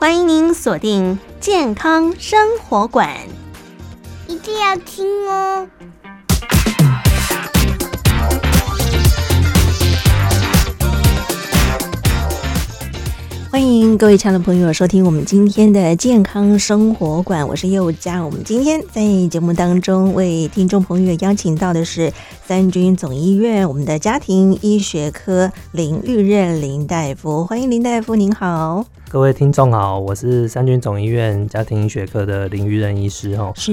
歡迎您鎖定健康生活館，一定要聽哦。歡迎各位親愛的朋友收聽我們今天的健康生活館，我是宥嘉，我們今天在節目當中為聽眾朋友邀請到的是三軍總醫院我們的家庭醫學科林育任林大夫，歡迎林大夫，您好。各位聽眾好，我是三軍總醫院家庭醫學科的林育任醫師，哦，是，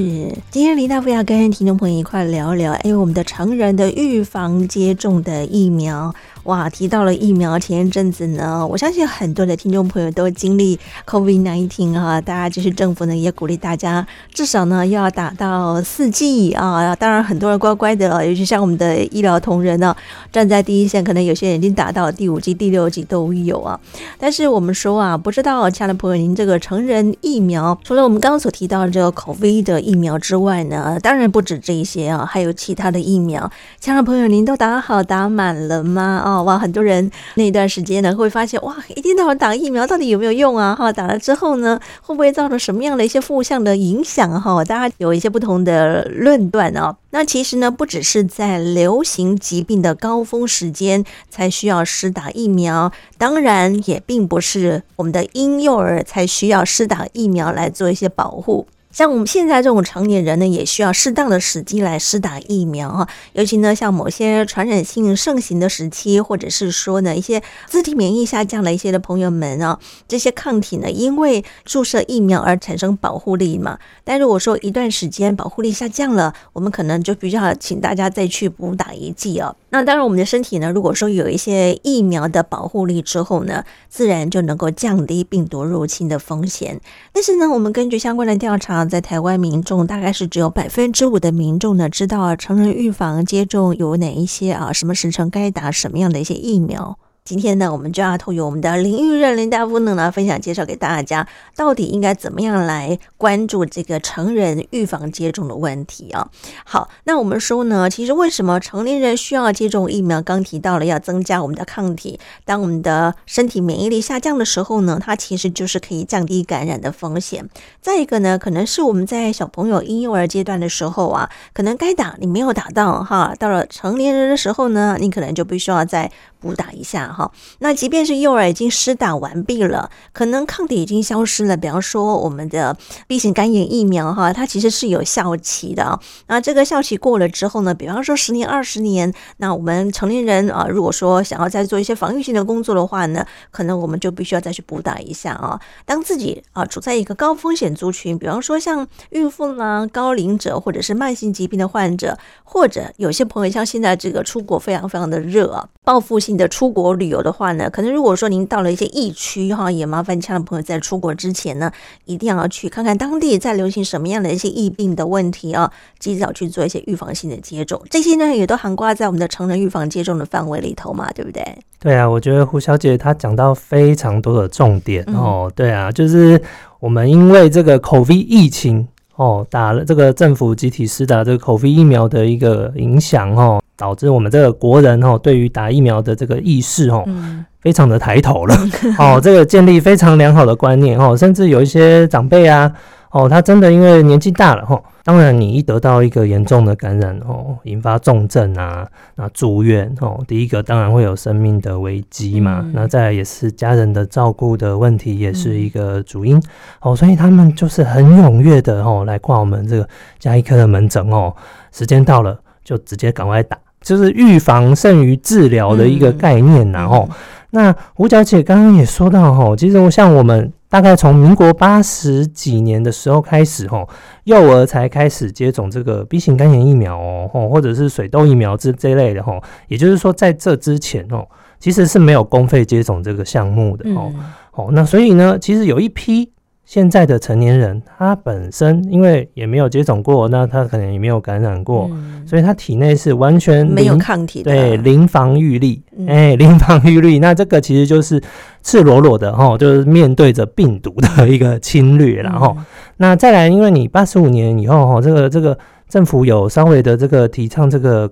今天林大夫要跟聽眾朋友一塊聊聊，哎，我們的成人的預防接種的疫苗。哇，提到了疫苗，前一陣子呢，我相信很多的聽眾朋友都經歷 COVID 19哈，啊，大家就是政府呢也鼓勵大家至少呢要打到四劑啊，當然很多人乖乖的，尤其像我們的醫療同仁呢、啊，站在第一線，可能有些人已經打到第五劑、第六劑都有啊。但是我們說啊，不知道，親愛的朋友，您這個成人疫苗，除了我們剛剛所提到的這個 COVID 的疫苗之外呢，當然不止這一些啊，還有其他的疫苗，親愛的朋友，您都打好打滿了嗎？啊？哇，很多人那段時間呢，會發現哇，一天到晚打疫苗到底有沒有用啊？哈，打了之後呢，會不會造成什麼樣的一些負向的影響？哈，大家有一些不同的論斷哦。那其實呢，不只是在流行疾病的高峰時間才需要施打疫苗，當然也並不是我們的嬰幼兒才需要施打疫苗來做一些保護。像我們現在這種成年人呢，也需要適當的時機來施打疫苗哈、啊。尤其呢，像某些傳染性盛行的時期，或者是說呢，一些自體免疫下降的一些的朋友們啊，這些抗體呢，因為注射疫苗而產生保護力嘛。但如果說一段時間保護力下降了，我們可能就比較請大家再去補打一劑哦、啊。那當然，我們的身體呢，如果說有一些疫苗的保護力之後呢，自然就能夠降低病毒入侵的風險。但是呢，我們根據相關的調查，在台灣民眾大概是只有百分之五的民眾呢，知道啊成人預防接種有哪一些啊，什麼時辰該打什麼樣的一些疫苗。今天呢，我們就要透過我們的林育任林大夫，呢來分享介紹給大家，到底應該怎麼樣來關注這個成人預防接種的問題啊？好，那我們說呢，其實為什麼成年人需要接種疫苗？剛提到了要增加我們的抗體，當我們的身體免疫力下降的時候呢，它其實就是可以降低感染的風險。再一個呢，可能是我們在小朋友嬰幼兒階段的時候啊，可能該打你沒有打到哈，到了成年人的時候呢，你可能就必須要在。補打一下哈，那即便是幼兒已經施打完畢了，可能抗體已經消失了。比方說我們的 B 型肝炎疫苗哈，它其實是有效期的啊。那這個效期過了之後呢，比方說十年、二十年，那我們成年人啊，如果說想要再做一些防禦性的工作的話呢，可能我們就必須要再去補打一下啊。當自己啊處在一個高風險族群，比方說像孕婦啊、高齡者或者是慢性疾病的患者，或者有些朋友像現在這個出國非常非常的熱啊，報復性。的出國旅游的話呢，可能如果說您到了一些疫區哈，也麻煩其他的朋友在出國之前呢，一定要去看看當地在流行什麼樣的一些疫病的問題啊，及早去做一些預防性的接種。這些呢，也都涵蓋在我們的成人預防接種的範圍裡頭嘛，對不對？對啊，我覺得胡小姐她講到非常多的重點哦，嗯哼，對啊，就是我們因為這個 COVID 疫情。哦，打了這個政府集體施打這個 COVID 疫苗的一個影響，哦，導致我們這個國人、哦，哈，對於打疫苗的這個意識、哦，哈、嗯，非常的抬頭了。 哦，這個建立非常良好的觀念，哈、哦，甚至有一些長輩啊，哦，他真的因為年紀大了，哈、哦。當然，你一得到一個嚴重的感染哦，引發重症啊，那、啊、住院哦，第一個當然會有生命的危機嘛。嗯、那再來也是家人的照顧的問題，也是一個主因、嗯、哦。所以他們就是很踴躍的哦，來掛我們這個家醫科的門診哦。時間到了就直接趕快打，就是預防勝於治療的一個概念吶、啊嗯、哦。那胡小姐剛剛也說到哦，其實像我們。大概從民國八十幾年的時候開始，吼，幼兒才開始接種這個 B 型肝炎疫苗哦，或者是水痘疫苗之這類的，吼，也就是說在這之前，哦，其實是沒有公費接種這個項目的，哦、嗯，哦，那所以呢，其實有一批。現在的成年人，他本身因為也沒有接種過，那他可能也沒有感染過，嗯、所以他體內是完全沒有抗體的，對零防御力，哎、嗯，零、欸、防御力。那這個其實就是赤裸裸的哈，就是面對着病毒的一個侵略。然後、嗯，那再來，因為你八十五年以後哈，這個這個政府有稍微的這個提倡這個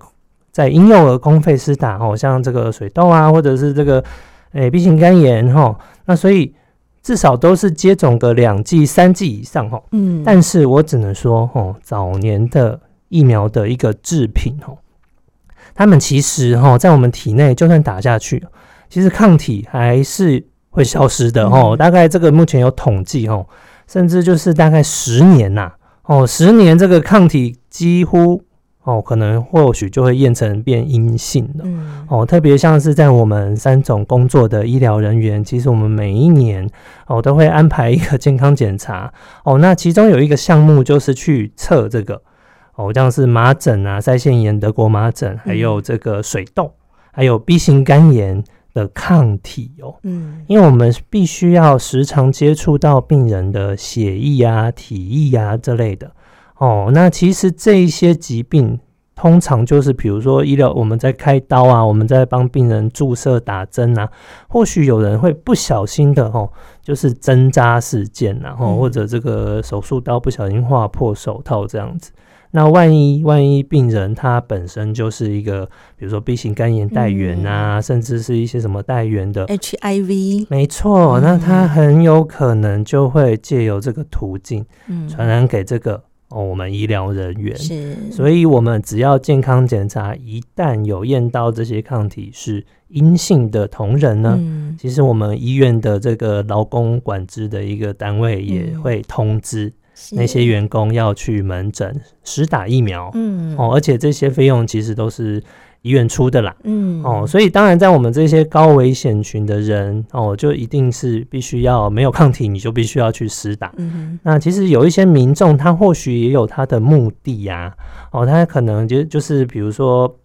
在嬰幼兒公費施打哈，像這個水痘啊，或者是這個哎 B、欸、型肝炎吼，那所以。至少都是接種個兩劑、三劑以上吼，但是我只能說吼，早年的疫苗的一個製品吼，他們其實吼在我們體內就算打下去，其實抗體還是會消失的吼，嗯、大概這個目前有統計吼，甚至就是大概十年呐，哦，十年這個抗體幾乎。哦，可能或許就會驗成變陰性的。嗯、哦，特別像是在我們三總工作的醫療人員，其實我們每一年哦都會安排一個健康檢查。哦，那其中有一個項目就是去測這個哦，像是麻疹啊、腮腺炎、德國麻疹，還有這個水痘，嗯、還有 B 型肝炎的抗體哦。嗯，因為我們必須要時常接觸到病人的血液啊、體液啊這類的。哦，那其實這一些疾病，通常就是比如說醫療，我們在開刀啊，我們在幫病人注射打針啊，或許有人會不小心的哦，就是針扎事件、啊，然後或者這個手術刀不小心劃破手套這樣子。嗯、那萬一萬一病人他本身就是一個，比如說 B 型肝炎帶原啊，嗯、甚至是一些什麼帶原的 HIV，沒錯，那他很有可能就會借由這個途徑，嗯、傳染給這個。哦，我們醫療人員是，所以我們只要健康檢查，一旦有驗到這些抗體是陰性的同仁呢，嗯、其實我們醫院的這個勞工管制的一個單位也會通知那些員工要去門診施打疫苗。嗯、哦，而且這些費用其實都是。醫院出的啦，嗯哦，所以當然，在我們這些高危險群的人哦，就一定是必須要沒有抗體，你就必須要去施打。嗯哼。那其實有一些民眾，他或許也有他的目的呀、啊，哦，他可能就就是比如說，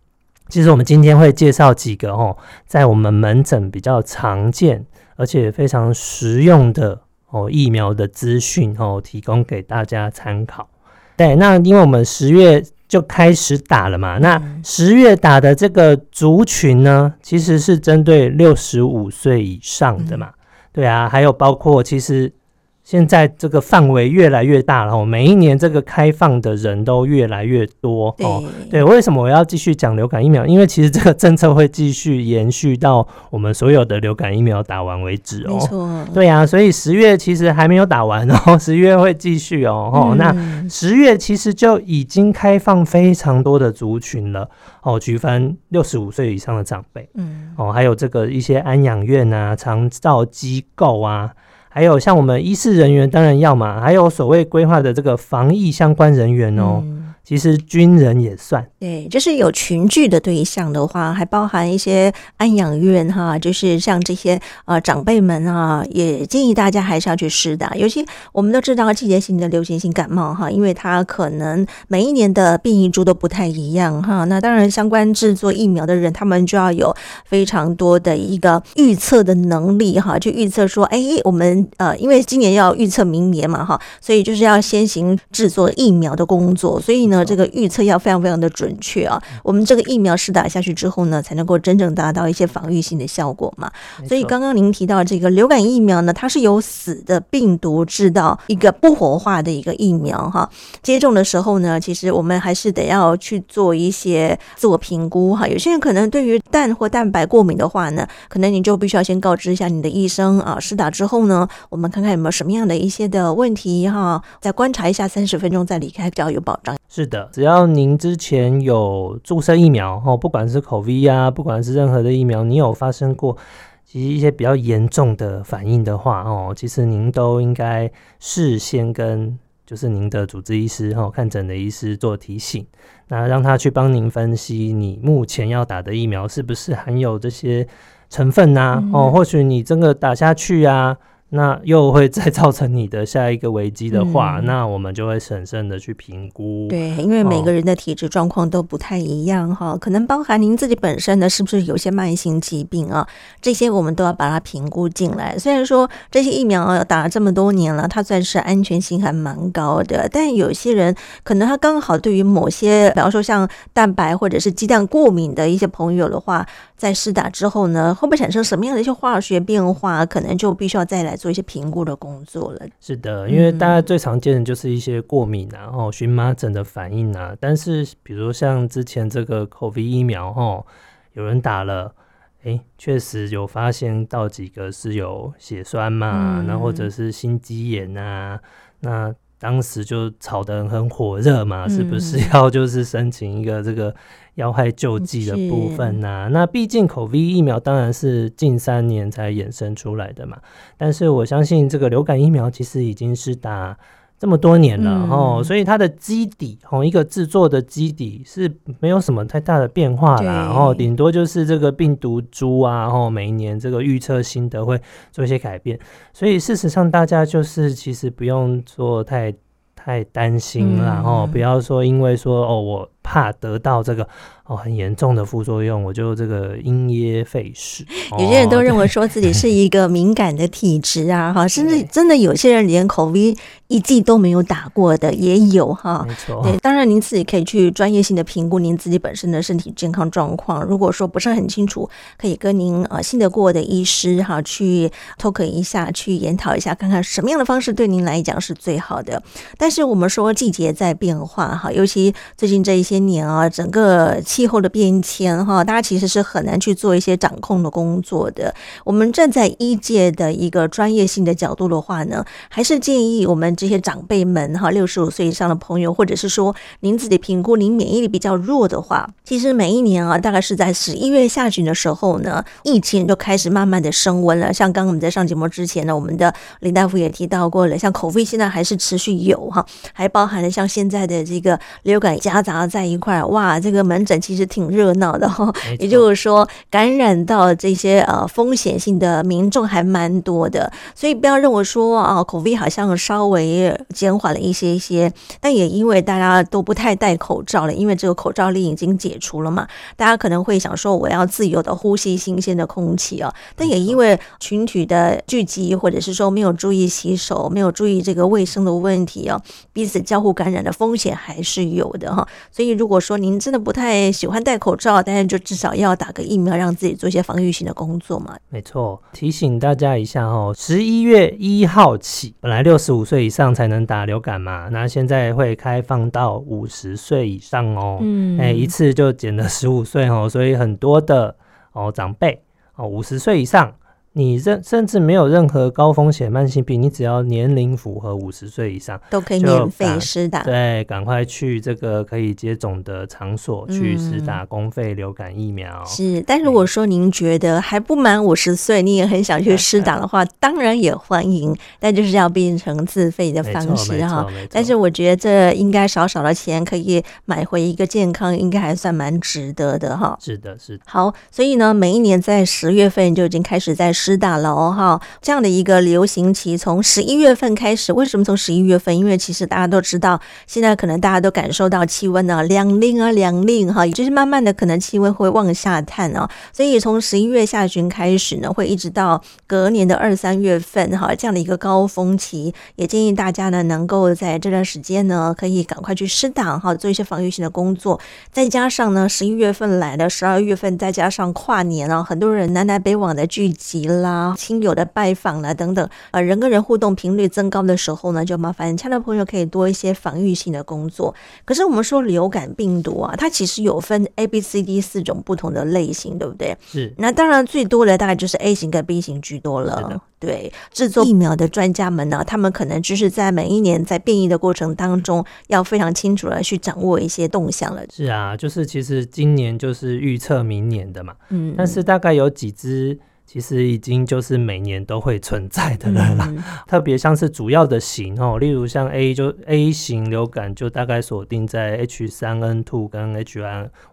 其實我們今天會介紹幾個哦，在我們門診比較常見而且非常實用的哦疫苗的資訊哦，提供給大家參考。對，那因為我們十月。就開始打了嘛。那十月打的這個族群呢，其實是針對六十五歲以上的嘛。對啊，還有包括其實。現在這個範圍越來越大了，哦，每一年這個開放的人都越來越多對哦。對，為什麼我要繼續講流感疫苗？因為其實這個政策會繼續延續到我們所有的流感疫苗打完為止哦。啊、對呀、啊，所以十月其實還沒有打完哦，十月會繼續哦。哦嗯、那十月其實就已經開放非常多的族群了哦，區分六十五歲以上的長輩，嗯，哦，還有這個一些安養院啊、長照機構啊。還有像我們醫事人員當然要嘛，還有所謂規劃的這個防疫相關人員哦。嗯其實軍人也算，對，就是有群聚的對象的話，還包含一些安養院哈，就是像這些呃長輩們啊，也建議大家還是要去施打。尤其我們都知道季節性的流行性感冒哈，因為它可能每一年的變異株都不太一樣哈，那當然相關製作疫苗的人，他們就要有非常多的一個預測的能力哈，去預測說，哎，我們呃，因為今年要預測明年嘛哈，所以就是要先行製作疫苗的工作，所以呢。這個預測要非常非常的準確啊！我們這個疫苗施打下去之後呢，才能夠真正達到一些防禦性的效果嘛。所以剛剛您提到這個流感疫苗呢，它是由死的病毒製造一個不活化的一個疫苗哈。接種的時候呢，其實我們還是得要去做一些自我評估哈。有些人可能對於蛋或蛋白過敏的話呢，可能你就必須要先告知一下你的醫生啊。施打之後呢，我們看看有沒有什麼樣的一些的問題哈，再觀察一下三十分鐘再離開比較有保障。是。只要您之前有注射疫苗哦，不管是 COVID 啊，不管是任何的疫苗，你有發生過其實一些比較嚴重的反應的話哦，其實您都應該事先跟就是您的主治醫師哦，看診的醫師做提醒，那讓他去幫您分析你目前要打的疫苗是不是含有這些成分啊哦，或許你真的打下去啊。那又會再造成你的下一個危機的話，嗯、那我們就會審慎的去評估。對，因為每個人的體質狀況都不太一樣哈，哦、可能包含您自己本身的是不是有些慢性疾病啊？這些我們都要把它評估進來。雖然說這些疫苗、啊、打了這麼多年了，它算是安全性還蠻高的，但有些人可能他剛好對於某些，比方說像蛋白或者是雞蛋過敏的一些朋友的話，在施打之後呢，會不會產生什麼樣的一些化學變化？可能就必須要再來。做一些評估的工作了，是的，因為大家最常見的就是一些過敏、啊，然後蕁麻疹的反應啊。但是，比如像之前這個 COVID 疫苗，哦，有人打了，欸，確實有發現到幾個是有血栓嘛，嗯、那或者是心肌炎啊，那當時就炒得很火熱嘛，嗯、是不是要就是申請一個這個？藥害救濟的部分呢、啊？是那畢竟 COVID 疫苗當然是近三年才衍生出來的嘛。但是我相信這個流感疫苗其實已經是打這麼多年了，嗯、哦，所以它的基底哦，一個製作的基底是沒有什麼太大的變化啦。然後對、哦、頂多就是這個病毒株啊，然、哦、後每一年這個預測心得會做一些改變。所以事實上大家就是其實不用做太太擔心啦，嗯、哦，不要說因為說哦我。怕得到這個哦，很嚴重的副作用，我就這個因噎廢食。哦、有些人都認為說自己是一個敏感的體質啊，哈，甚至真的有些人連 COVID 一劑都沒有打過的也有哈，哦、沒錯。對，當然您自己可以去專業性的評估您自己本身的身體健康狀況。如果說不是很清楚，可以跟您呃、啊、信得過的醫師哈、啊、去探討一下，去研討一下，看看什麼樣的方式對您來講是最好的。但是我們說季節在變化哈、啊，尤其最近這一些。今年啊，整個氣候的變遷哈、啊，大家其實是很難去做一些掌控的工作的。我們站在醫界的一個專業性的角度的話呢，還是建議我們這些長輩們哈、啊，六十五歲以上的朋友，或者是說您自己評估您免疫力比較弱的話，其實每一年啊，大概是在十一月下旬的時候呢，疫情就開始慢慢的升溫了。像剛剛我們在上節目之前呢，我們的林大夫也提到過了，像 COVID 現在還是持續有哈、啊，還包含了像現在的這個流感夾雜在。一塊哇，這個門診其實挺熱鬧的哈、哦，沒錯。也就是說感染到這些呃風險性的民眾還蠻多的，所以不要認為說啊，COVID 好像稍微減緩了一些些，但也因為大家都不太戴口罩了，因為這個口罩令已經解除了嘛，大家可能會想說我要自由的呼吸新鮮的空氣哦，但也因為群體的聚集或者是說沒有注意洗手，沒有注意這個衛生的問題哦，彼此交互感染的風險還是有的哈、哦，所以。如果說您真的不太喜歡戴口罩，但是就至少要打個疫苗，讓自己做一些防御性的工作嘛。沒錯，提醒大家一下哦，十一月一號起，本來六十五歲以上才能打流感嘛，那現在會開放到五十歲以上哦。嗯，哎，一次就減了十五歲哦，所以很多的哦長輩哦，五十歲以上。你任，甚至沒有任何高風險慢性病，你只要年齡符合五十歲以上，都可以免費施打。對，趕快去這個可以接種的場所、嗯、去施打公費流感疫苗。是，但是如果說您覺得還不滿五十歲，唉你也很想去施打的話，唉唉唉當然也歡迎，但就是要變成自費的方式哈。但是我覺得這應該少少的錢可以買回一個健康，應該還算蠻值得的哈。是的，是的。好，所以呢，每一年在十月份就已經開始在施打囉哈、哦，這樣的一個流行期從十一月份開始，為什麼從十一月份？因為其實大家都知道，現在可能大家都感受到氣溫呢，涼令啊，涼令、啊、哈，也就是慢慢的可能氣溫會往下探啊。所以從十一月下旬開始呢，會一直到隔年的二三月份哈，這樣的一個高峰期，也建議大家呢能夠在這段時間呢，可以趕快去施打哈，做一些防禦性的工作，再加上呢十一月份來了十二月份，再加上跨年啊，很多人南來北往的聚集啦，親友的拜訪啦，等等，呃，人跟人互動頻率增高的時候呢，就麻煩親愛的朋友可以多一些防御性的工作。可是我們說流感病毒啊，它其實有分 A、B、C、D 四種不同的類型，對不對？是。那當然最多的大概就是 A 型跟 B 型居多了。是的。對，制作疫苗的專家們呢，他們可能就是在每一年在變異的過程當中，要非常清楚的去掌握一些動向了。是啊，就是其實今年就是預測明年的嘛。嗯。但是大概有幾支。其實已經就是每年都會存在的了啦，特別像是主要的型哦，例如像 A 就 A 型流感就大概鎖定在 H 三 N 二跟 H 一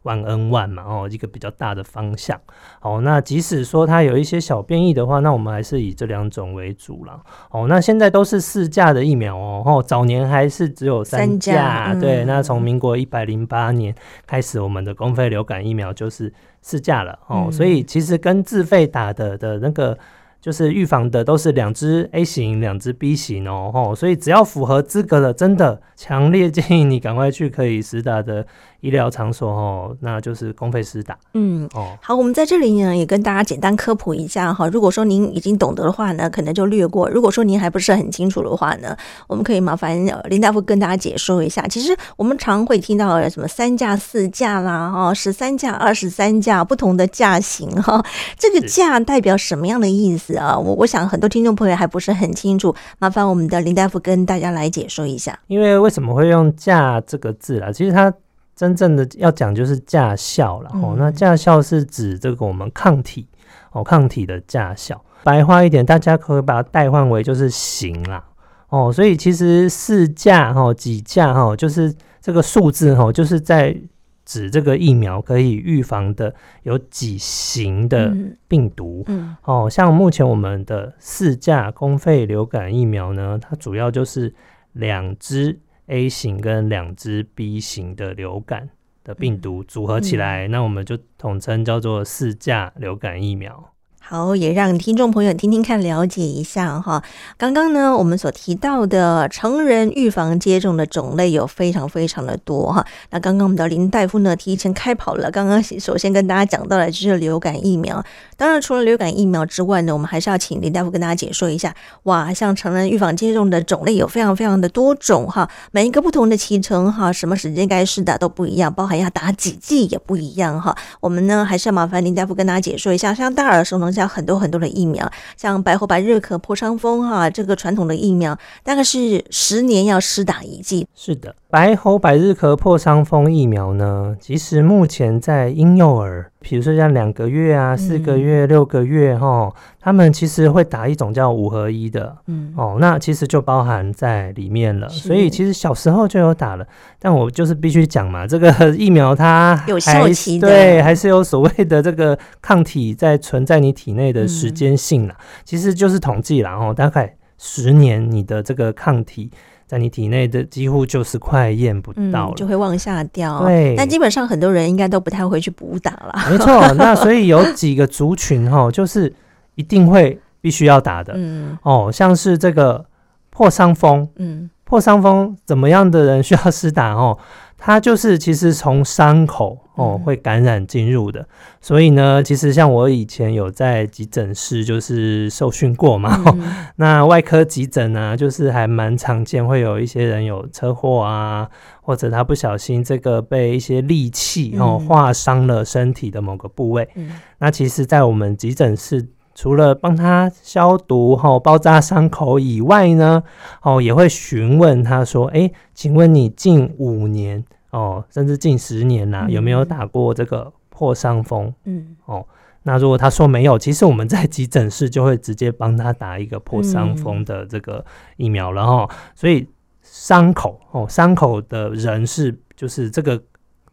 N 一嘛哦，一個比較大的方向。哦，那即使說它有一些小變異的話，那我們還是以這兩種為主了。哦，那現在都是四價的疫苗哦，哦，早年還是只有三價。對，那從民國一百零八年開始，我們的公費流感疫苗就是。試駕了哦，嗯、所以其實跟自費打的的那個，就是預防的都是兩支 A 型，兩支 B 型哦，哦，所以只要符合資格的，真的強烈建議你趕快去可以實打的。醫療場所哦，那就是公費施打。嗯，哦，好，我們在這裡呢也跟大家簡單科普一下哈。如果說您已經懂得的話呢，可能就略過；如果說您還不是很清楚的話呢，我們可以麻煩林大夫跟大家解說一下。其實我們常會聽到什麼三價四價啦哦，十三價二十三價不同的價型哈，這個價代表什麼樣的意思啊？我是我想很多聽眾朋友還不是很清楚，麻煩我們的林大夫跟大家來解說一下。因為為什麼會用“價”這個字啊？其實它。真正的要講就是價效了，哦，嗯、那價效是指這個我們抗體哦、喔，抗體的價效。白話一點，大家可以把它代換為就是型啦哦、喔，所以其實四價吼、幾價吼，就是這個數字吼，就是在指這個疫苗，可以預防的有幾型的病毒哦、嗯嗯喔。像目前我們的四價公費流感疫苗呢，它主要就是兩支。A 型跟兩隻 B 型的流感的病毒組合起來，嗯、那我們就統稱叫做四價流感疫苗。好，也讓聽眾朋友聽聽看，了解一下哈。剛剛呢，我們所提到的成人預防接種的種類有非常非常的多哈。那剛剛我們的林大夫呢，提前開跑了。剛剛首先跟大家講到了就是流感疫苗。當然，除了流感疫苗之外呢，我們還是要請林大夫跟大家解說一下。哇，像成人預防接種的種類有非常非常的多種哈。每一個不同的期程哈，什麼時間該施打都不一樣，包含要打幾劑也不一樣哈。我們呢，還是要麻煩林大夫跟大家解說一下。像大二的時候呢。像很多很多的疫苗，像白喉、百日咳、破傷風，哈，這個傳統的疫苗大概是十年要施打一劑。是的，白喉、百日咳、破傷風疫苗呢，其實目前在嬰幼兒。比如說像兩個月啊、嗯、四個月、六個月哈、哦，他們其實會打一種叫五合一的，嗯哦，那其實就包含在裡面了。是所以其實小時候就有打了，但我就是必須講嘛，這個疫苗它還有效期對，還是有所謂的這個抗體在存在你體內的時間性啦、嗯、其實就是統計啦，了哦，大概十年你的這個抗體。在你體內的幾乎就是快驗不到了。嗯、就會往下掉。對但基本上很多人應該都不太會去補打了。沒錯，那所以有幾個族群哈、哦， 就是一定會必須要打的。嗯，哦，像是這個破傷風。嗯，破傷風怎麼樣的人需要施打哦？它就是其實從傷口哦會感染進入的，嗯、所以呢，其實像我以前有在急診室就是受訓過嘛，嗯、那外科急診呢、啊，就是還蠻常見，會有一些人有車禍啊，或者他不小心這個被一些利器哦劃傷了身體的某個部位，嗯、那其實，在我們急診室，除了幫他消毒、包紮傷口以外呢，哦，也會詢問他說：“哎、欸，請問你近五年哦，甚至近十年吶、啊，嗯、有沒有打過這個破傷風？”嗯，哦，那如果他說沒有，其實我們在急診室就會直接幫他打一個破傷風的這個疫苗了哈、哦。嗯、所以傷口哦，傷口的人是就是這個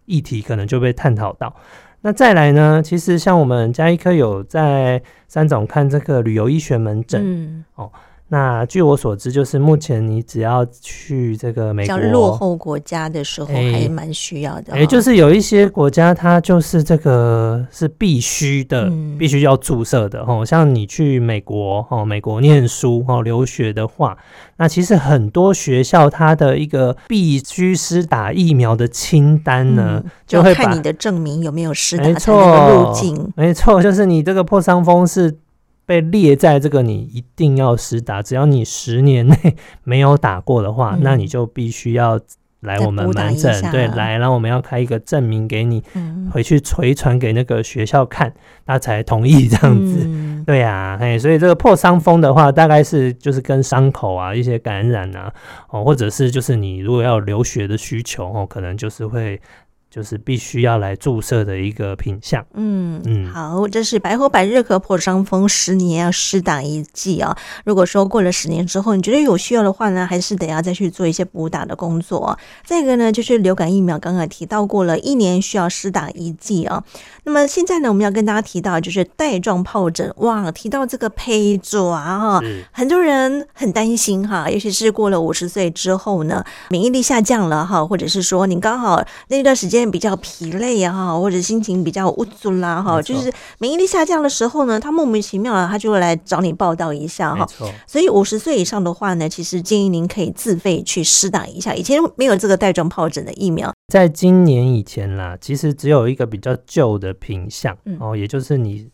議題可能就被探討到。那再來呢？其實像我們家醫科有在三總看這個旅遊醫學門診，嗯、哦。那據我所知，就是目前你只要去這個美國，比較落後國家的時候還蠻需要的，哦哎。哎，就是有一些國家，它就是這個是必須的，嗯、必須要注射的。吼、哦，像你去美國，哦，美國念書哦，留學的話，那其實很多學校它的一個必須施打疫苗的清單呢，嗯、就會看你的證明有沒有施打，沒錯，沒錯，就是你這個破傷風是。被列在這個，你一定要施打，只要你十年內沒有打過的話，嗯、那你就必須要來我們門診，對，來，然後我們要開一個證明給你，嗯、回去垂傳給那個學校看，他才同意這樣子。嗯、對呀、啊，嘿，所以這個破傷風的話，大概是就是跟傷口啊一些感染啊，哦，或者是就是你如果要留學的需求哦，可能就是會。就是必須要來注射的一個品項，嗯嗯，好，這是白喉百日咳破傷風十年要施打一劑啊、哦。如果說過了十年之後，你覺得有需要的話呢，還是得要再去做一些補打的工作。再一個呢，就是流感疫苗，剛剛提到過了一年需要施打一劑啊、哦。那麼現在呢，我們要跟大家提到就是帶狀皰疹，哇，提到這個胚爪啊，很多人很擔心哈，尤其是過了五十歲之後呢，免疫力下降了哈，或者是說你剛好那段時間。比較疲累呀、啊，或者心情比較鬱卒啦，哈錯，就是免疫力下降的時候呢，他莫名其妙啊，他就會來找你報到一下，哈錯。所以五十歲以上的話呢，其實建議您可以自費去施打一下。以前沒有這個帶狀皰疹的疫苗，在今年以前啦，其實只有一個比較舊的品項，嗯、哦，也就是你。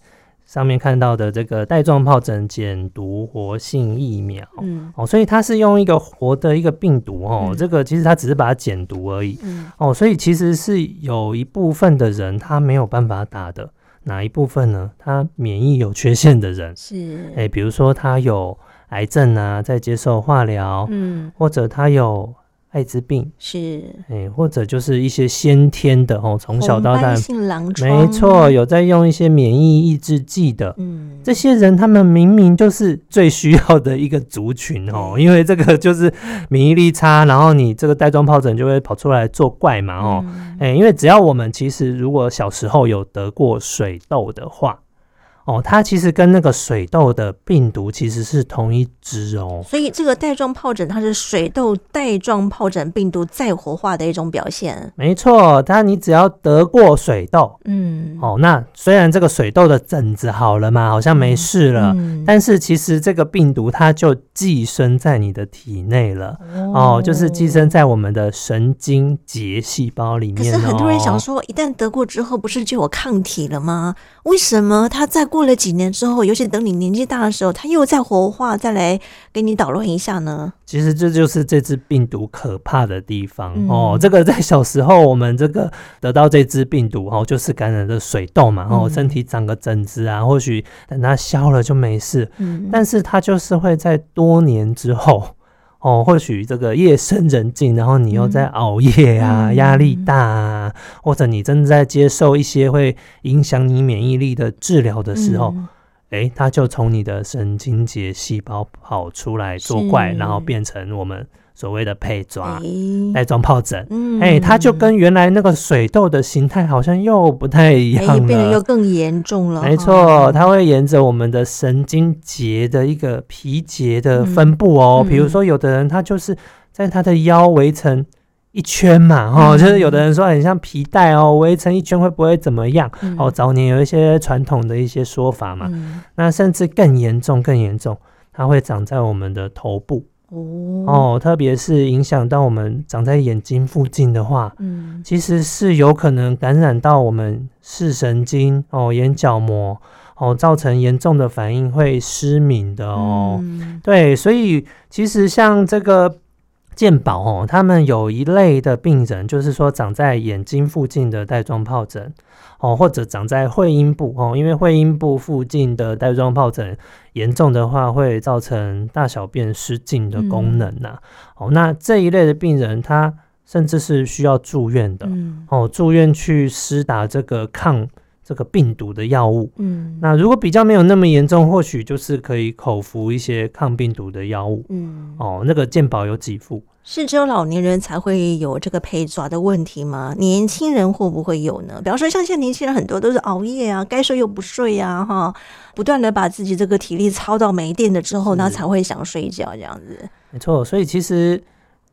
上面看到的這個帶狀皰疹減毒活性疫苗，嗯哦，所以它是用一個活的一個病毒哦，嗯、這個其實它只是把它減毒而已，嗯哦，所以其實是有一部分的人他沒有辦法打的，哪一部分呢？他免疫有缺陷的人是誒，比如說他有癌症啊，在接受化療，嗯，或者他有。艾滋病是，哎，或者就是一些先天的哦，從小到大，沒錯，有在用一些免疫抑制劑的，嗯，這些人他們明明就是最需要的一個族群哦，因為這個就是免疫力差，然後你這個帶狀皰疹就會跑出來作怪嘛哦，哎，嗯，因為只要我們其實如果小時候有得過水痘的話。哦，它其實跟那個水痘的病毒其實是同一支哦。所以這個帶狀皰疹它是水痘帶狀皰疹病毒再活化的一種表現。沒錯，它你只要得過水痘，嗯，哦，那雖然這個水痘的疹子好了嘛，好像沒事了，嗯嗯、但是其實這個病毒它就寄生在你的體內了，哦，哦，就是寄生在我們的神經節細胞裡面，哦。可是很多人想說，哦，一旦得過之後，不是就有抗體了嗎？為什麼它再過？過了幾年之後，尤其等你年紀大的時候，它又再活化，再來給你搗亂一下呢。其實這就是這只病毒可怕的地方、嗯、哦。這個在小時候，我們這個得到這只病毒後、哦，就是感染的水痘嘛，然、哦、後身體長個疹子啊，嗯、或許等它消了就沒事。嗯，但是它就是會在多年之後。哦，或許這個夜深人靜，然後你又在熬夜啊，壓、嗯、力大啊，嗯、或者你正在接受一些會影響你免疫力的治療的時候，誒、嗯，它、欸、就從你的神經節細胞跑出來作怪，是然後變成我們。所謂的配裝，帶狀皰疹，哎、嗯欸，它就跟原來那個水痘的形態好像又不太一樣了，欸、變得又更嚴重了。沒錯錯，哦、它會沿着我們的神經節的一個皮節的分布哦，嗯、比如說有的人他就是在他的腰圍成一圈嘛，哈、嗯哦，就是有的人說很像皮帶哦，圍成一圈會不會怎麼樣？嗯、哦，早年有一些傳統的一些說法嘛，嗯、那甚至更嚴重，更嚴重，它會長在我們的頭部。哦，特別是影響到我們長在眼睛附近的話，嗯，其實是有可能感染到我們視神經哦、眼角膜哦，造成嚴重的反應，會失明的哦。嗯，對，所以其實像這個。健保哦，他們有一類的病人，就是說長在眼睛附近的帶狀疱疹哦，或者長在會陰部哦，因為會陰部附近的帶狀疱疹嚴重的話，會造成大小便失禁的功能吶哦，嗯、那這一類的病人，他甚至是需要住院的哦，嗯、住院去施打這個抗。這個病毒的藥物，嗯，那如果比較沒有那麼嚴重，或許就是可以口服一些抗病毒的藥物，嗯，哦，那個健保有給付。是只有老年人才會有這個配抓的問題嗎？年輕人會不會有呢？比方說，像現在年輕人很多都是熬夜啊，該睡又不睡啊，哈，不斷的把自己這個體力操到沒電了之後，那、嗯、才會想睡覺這樣子。沒錯，所以其實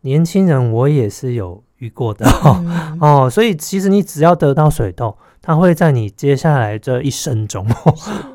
年輕人我也是有遇過的，嗯、哦，所以其實你只要得到水痘。它會在你接下來這一生中，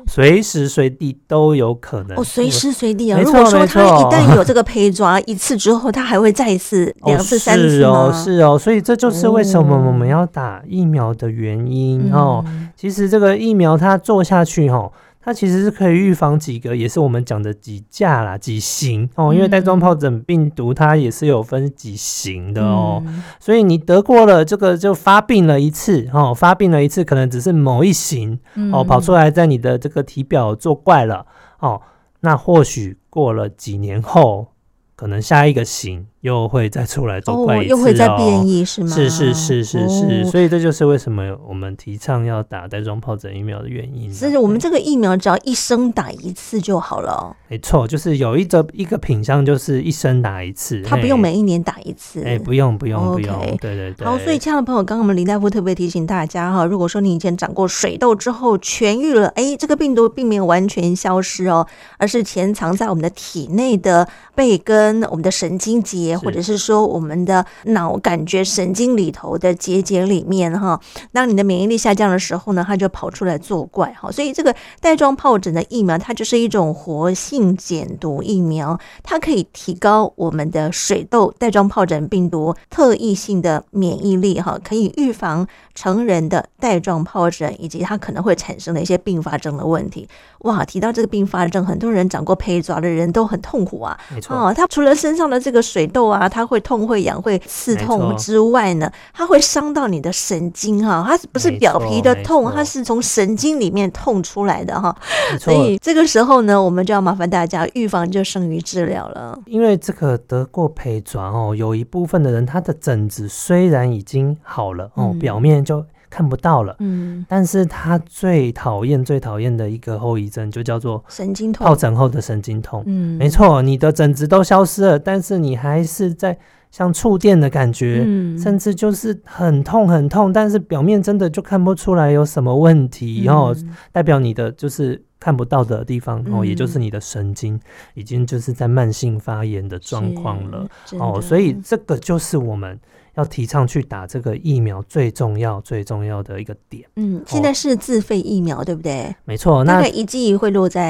隨時隨地都有可能。哦，隨時隨地啊！如果說它一旦有這個胚抓，沒錯，呵呵一次之後，它還會再一次、兩次、哦、三次。是哦，是哦。所以這就是為什麼我們要打疫苗的原因、嗯、哦。其實這個疫苗它做下去哈、哦。它其實是可以預防幾個，也是我們講的幾價啦，幾型哦。因為帶狀疱疹病毒它也是有分幾型的哦，嗯、所以你得過了這個就發病了一次哦，發病了一次可能只是某一型、嗯、哦跑出來在你的這個體表作怪了哦，那或許過了幾年後，可能下一個型。又會再出來做一、哦哦、又會再變異是嗎？是是是是是，哦、所以這就是為什麼我們提倡要打帶狀皰疹疫苗的原因呢。就是我們這個疫苗只要一生打一次就好了。沒錯、欸，就是有一個一個品項，就是一生打一次，它、欸、不用每一年打一次。哎、欸，不用不用 Okay. 不用。對對對。好，所以親愛的朋友剛剛我們林大夫特別提醒大家哈，如果說你以前長過水痘之後痊癒了，哎，這個病毒並沒有完全消失哦，而是潛藏在我們的體內的背根我們的神經節。或者是說我們的腦感覺神經裡頭的結節裡面哈，當你的免疫力下降的時候呢，它就跑出來作怪哈。所以這個帶狀疱疹的疫苗，它就是一種活性減毒疫苗，它可以提高我們的水痘帶狀疱疹病毒特異性的免疫力哈，可以預防成人的帶狀疱疹以及它可能會產生的一些併發症的問題。哇，提到這個併發症，很多人長過疱疹的人都很痛苦啊。沒錯，哦，它除了身上的這個水痘。啊，它會痛，會癢，會刺痛之外呢，錯它會傷到你的神經哈。它不是表皮的痛，錯它是從神經裡面痛出來的哈。錯所以這個時候呢，我們就要麻煩大家，預防就勝於治療了。因為這個得過皰疹哦，有一部分的人，他的疹子雖然已經好了哦，嗯、表面就，看不到了，嗯，但是他最討厭、最討厭的一個後遺症就叫做神經痛，疱疹後的神經痛，經痛，嗯，沒錯，你的疹子都消失了，但是你還是在像觸電的感覺，嗯，甚至就是很痛、很痛，但是表面真的就看不出來有什麼問題、嗯、哦，代表你的就是看不到的地方、嗯、哦，也就是你的神經已經就是在慢性發炎的狀況了哦，所以這個就是我們。要提倡去打這個疫苗，最重要最重要的一個點。嗯，現在是自費疫苗，哦嗯、對不對？沒錯，大概一劑會落在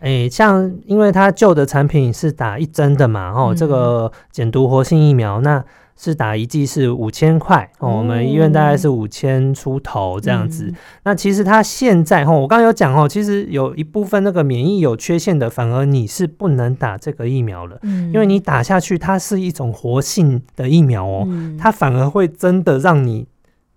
哎、欸，像因為它舊的產品是打一針的嘛，哦，嗯、這個減毒活性疫苗那。是打一劑是五千塊，我們醫院大概是五千出頭這樣子。嗯嗯、那其實他現在哈，我剛剛有講哦，其實有一部分那個免疫有缺陷的，反而你是不能打這個疫苗了，嗯、因為你打下去它是一種活性的疫苗哦，嗯、它反而會真的讓你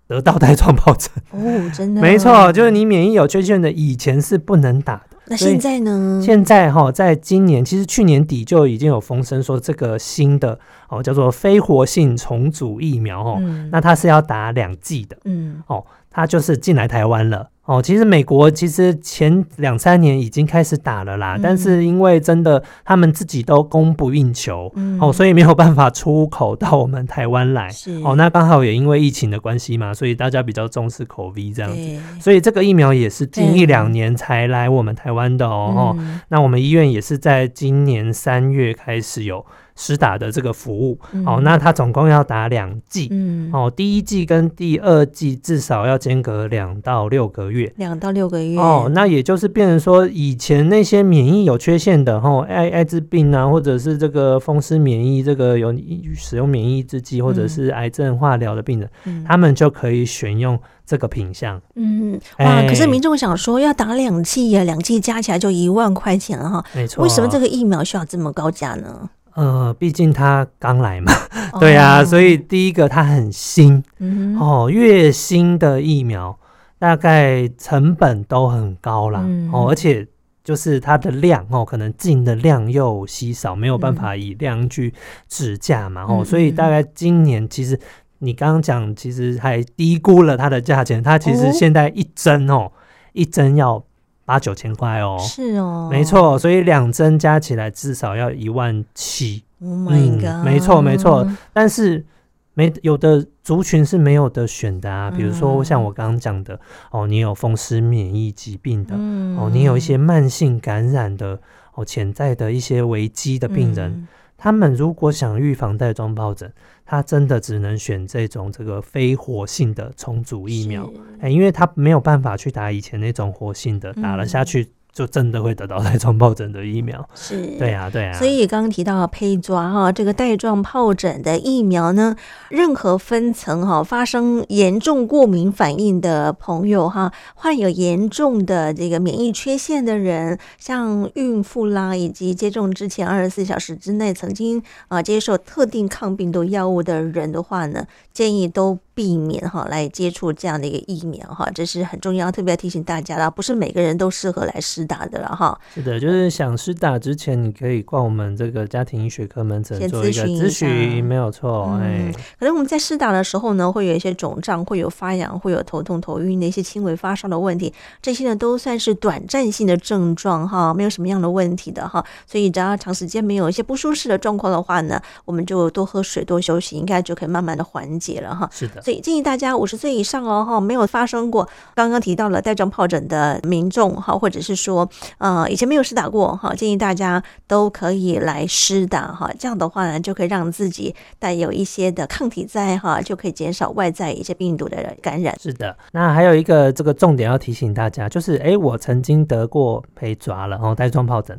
得到帶狀皰疹哦，真的、哦、沒錯，就是你免疫有缺陷的以前是不能打。那現在呢？現在哈、哦，在今年，其實去年底就已經有風聲說，這個新的哦，叫做非活性重組疫苗哦，嗯、那它是要打兩劑的，嗯，哦，它就是進來台灣了。哦，其實美國其實前兩三年已經開始打了啦，嗯、但是因為真的他們自己都供不應求，嗯、哦，所以沒有辦法出口到我們台灣來。是哦，那剛好也因為疫情的關係嘛，所以大家比較重視 COVID 這樣子，對所以這個疫苗也是近一兩年才來我們台灣的哦。嗯、哦那我們醫院也是在今年三月開始有。施打的這個服務，好、嗯哦，那他總共要打兩劑，嗯、哦，第一劑跟第二劑至少要間隔兩到，到六個月，兩到六個月，哦，那也就是變成說，以前那些免疫有缺陷的，吼，艾艾滋病啊，或者是這個風濕免疫這個有使用免疫製劑或者是癌症化療的病人，嗯、他們就可以選用這個品項。嗯，哇，欸、可是民眾想說要打兩劑啊，兩劑加起來就一萬塊錢了，啊、哈，沒錯，為什麼這個疫苗需要這麼高價呢？呃，畢竟他剛來嘛，oh. 對呀、啊，所以第一個他很新，mm hmm. 哦，越新的疫苗大概成本都很高啦，mm hmm. 哦，而且就是它的量哦，可能進的量又稀少，沒有辦法以量去製價嘛，mm hmm. 哦，所以大概今年其實你剛剛講其實還低估了它的價錢，它其實現在一針哦，oh. 一針要。八九千塊哦，是哦，沒錯，所以兩針加起來至少要一萬七。Oh my God，嗯，沒錯沒錯，嗯、但是沒有的族群是沒有得選的啊，比如說像我剛剛講的哦，你有風濕免疫疾病的，嗯、哦，你有一些慢性感染的，哦，潛在的一些危機的病人，嗯、他們如果想預防帶狀疱疹。他真的只能選這種這個非活性的重組疫苗，哎是，因為他沒有辦法去打以前那種活性的，打了下去。嗯就真的會得到帶狀皰疹的疫苗，是，對呀，啊，對呀，啊。所以剛剛提到胚抓哈，這個帶狀皰疹的疫苗呢，任何分層哈發生嚴重過敏反應的朋友哈，患有嚴重的這個免疫缺陷的人，像孕婦啦，以及接種之前二十四小時之內曾經啊接受特定抗病毒藥物的人的話呢，建議都。避免哈來接觸這樣的一個疫苗哈，這是很重要，特別提醒大家啦，不是每個人都適合來施打的了哈。是的，就是想施打之前，你可以掛我們這個家庭醫學科門診先諮詢諮詢，沒有錯。嗯、哎，可能我們在施打的時候呢，會有一些腫脹，會有發癢，會有頭痛、頭暈的一些輕微發燒的問題，這些呢都算是短暫性的症狀哈，沒有什麼樣的問題的哈。所以只要長時間沒有一些不舒適的狀況的話呢，我們就多喝水、多休息，應該就可以慢慢的緩解了哈。是的。所以建議大家五十歲以上哦，沒有發生過，剛剛提到了帶狀皰疹的民眾，哈，或者是說，呃，以前沒有施打過，哈，建議大家都可以來施打，哈，這樣的話呢，就可以讓自己帶有一些的抗體在，哈，就可以減少外在一些病毒的感染。是的，那還有一個這個重點要提醒大家，就是，誒我曾經得過皮蛇了，然後帶狀皰疹，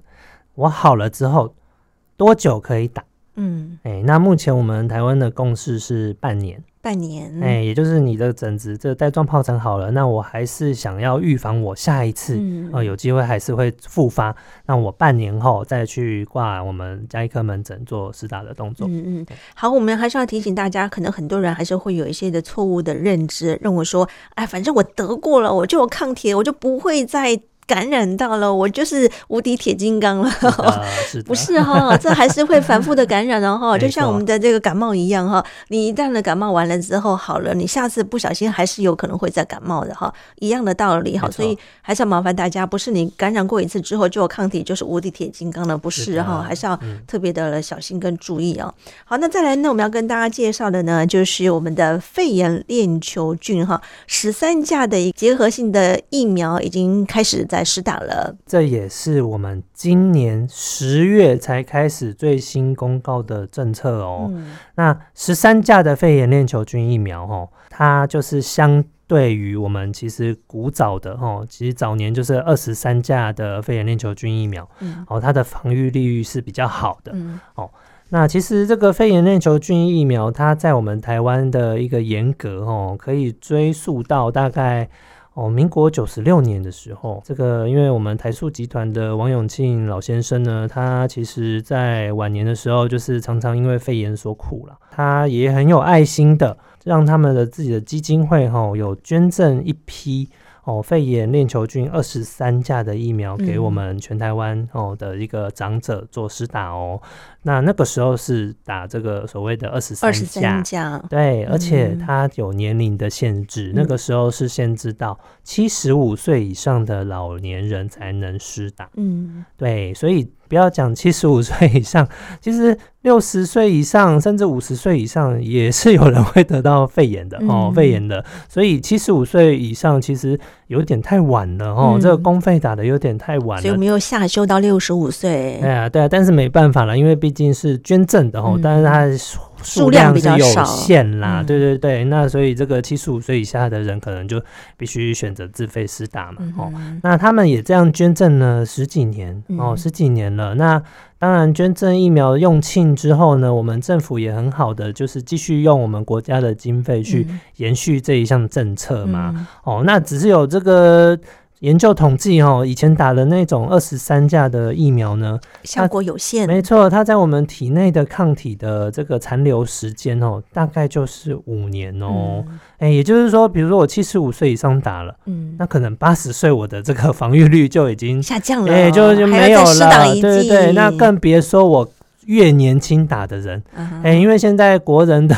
我好了之後多久可以打？嗯，誒，那目前我們台灣的共識是半年。半年，哎、欸，也就是你的疹子，這帶狀皰疹好了，那我還是想要預防我下一次，嗯，呃、有機會還是會復發，那我半年後再去掛我們家醫科門診做施打的動作。嗯嗯，好，我們還是要提醒大家，可能很多人還是會有一些的錯誤的認知，認為說，哎，反正我得過了，我就有抗體，我就不會再。感染到了，我就是無敵鐵金剛了，是啊、是 不是哈、哦，這還是會反覆的感染的、哦、哈， 沒錯 就像我們的這個感冒一樣哈、哦，你一旦的感冒完了之後好了，你下次不小心還是有可能會再感冒的哈、哦，一樣的道理哈，沒錯 所以還是要麻煩大家，不是你感染過一次之後就有抗體就是無敵鐵金剛了，不是哈、哦，是的啊、還是要特別的小心跟注意哦。嗯、好，那再來呢，那我們要跟大家介紹的呢，就是我們的肺炎鏈球菌哈、哦，十三價的結合性的疫苗已經開始在。實打了，這也是我們今年十月才開始最新公告的政策哦。嗯、那十三價的肺炎鏈球菌疫苗，哦，它就是相對於我們其實古早的，哦，其實早年就是二十三價的肺炎鏈球菌疫苗，嗯，哦，它的防禦力是比較好的，嗯、哦，那其實這個肺炎鏈球菌疫苗，它在我們台灣的一個嚴格，哦，可以追溯到大概。哦，民國九十六年的時候，這個因為我們台塑集團的王永慶老先生呢，他其實在晚年的時候，就是常常因為肺炎所苦了。他也很有愛心的，讓他們的自己的基金會吼、哦，有捐贈一批。哦，肺炎鏈球菌二十三價的疫苗，給我們全台灣哦的一個長者做施打哦。嗯、那那個時候是打這個所謂的二十三價，對，嗯、而且它有年齡的限制。嗯、那個時候是限制到七十五歲以上的老年人才能施打。嗯，對，所以。不要講七十五歲以上，其實六十歲以上，甚至五十歲以上也是有人會得到肺炎的、嗯、哦，肺炎的。所以七十五歲以上其實有點太晚了哦，嗯、這個公費打的有點太晚了。所以沒有下修到六十五歲。對啊，對啊，但是沒辦法了，因為畢竟是捐贈的哦，但是他。數量比較有限啦，嗯、對對對，那所以這個七十五歲以下的人可能就必須選擇自費施打嘛。嗯、哦，那他們也這樣捐贈了十幾年、嗯、哦，十幾年了。那當然，捐贈疫苗用罄之後呢，我們政府也很好的就是繼續用我們國家的經費去延續這一項政策嘛。嗯嗯、哦，那只是有這個。研究統計哦，以前打的那種二十三價的疫苗呢，效果有限。沒錯，它在我們體內的抗體的這個殘留時間哦，大概就是五年哦。嗯、哎，也就是說，比如說我七十五歲以上打了，嗯，那可能八十歲我的這個防禦率就已經下降了，哎，就就沒有了。對對對，那更別說我。越年輕打的人，哎、uh huh. 欸，因為現在國人的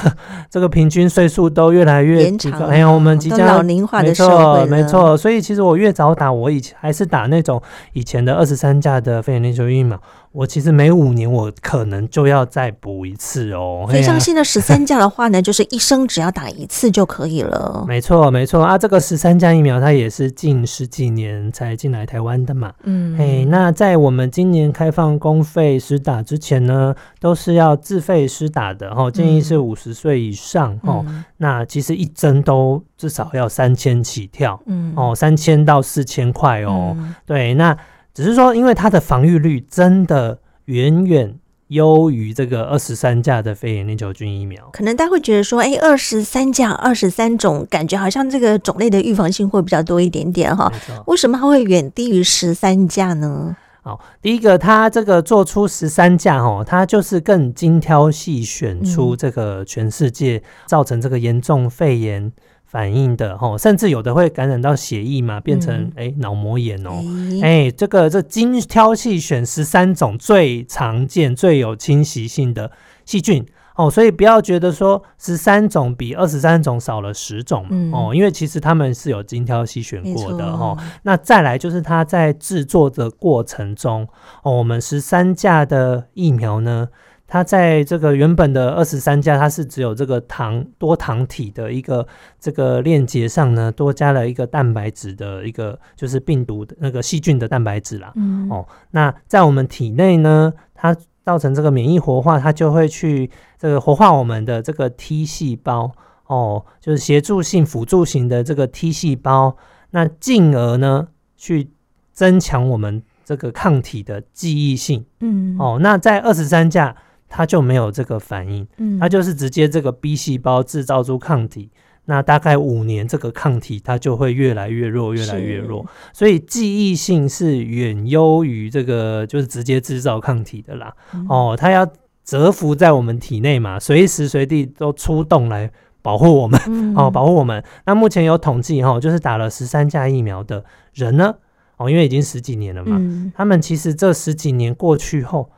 這個平均歲數都越來越延長，哎呀、欸，我們即將老齡化的社會，沒錯，沒錯。所以其實我越早打，我以前還是打那種以前的二十三價的肺炎鏈球菌疫苗。我其實每五年我可能就要再補一次哦，非常新的十三價的話呢， 就是一生只要打一次就可以了。沒錯，沒錯啊，這個十三價疫苗它也是近十幾年才進來台灣的嘛。嗯，嘿，那在我們今年開放公費施打之前呢，都是要自費施打的哦。建議是五十歲以上、嗯、哦。那其實一針都至少要三千起跳，嗯哦，三千到四千塊哦。嗯、對，那。只是說，因為它的防御率真的遠遠優於這個二十三價的肺炎鏈球菌疫苗，可能大家會覺得說，哎，二十三價、二十三種，感覺好像這個種類的預防性會比較多一點點哈。沒錯。為什麼它會遠低於十三價呢？好，第一個，它這個做出十三價哈，它就是更精挑細選出這個全世界、嗯、造成這個嚴重肺炎。反應的哦，甚至有的會感染到血液嘛，變成哎、嗯、欸、腦膜炎哦，哎、欸欸，這個這精挑細選十三種最常見、最有侵襲性的細菌哦，所以不要覺得說十三種比二十三種少了十種嘛、嗯、哦，因為其實他們是有精挑細選過的、沒錯、哦。那再來就是它在製作的過程中，哦，我們十三價的疫苗呢。它在這個原本的二十三價，它是只有這個糖多糖體的一個這個鏈接上呢，多加了一個蛋白質的一個，就是病毒的那個細菌的蛋白質啦。嗯。哦，那在我們體內呢，它造成這個免疫活化，它就會去這個活化我們的這個 T 細胞，哦，就是協助性輔助型的這個 T 細胞，那進而呢去增強我們這個抗體的記憶性。嗯。哦，那在二十三價。它就沒有這個反應，嗯，它就是直接這個 B 細胞制造出抗體，嗯、那大概五年這個抗體它就會越來越弱，越來越弱，是所以記憶性是遠優於這個就是直接制造抗體的啦，嗯、哦，它要蟄伏在我們體內嘛，隨時隨地都出動來保護我們，嗯、哦，保護我們。那目前有統計哈、哦，就是打了十三價疫苗的人呢，哦，因為已經十幾年了嘛，嗯、他們其實這十幾年過去後。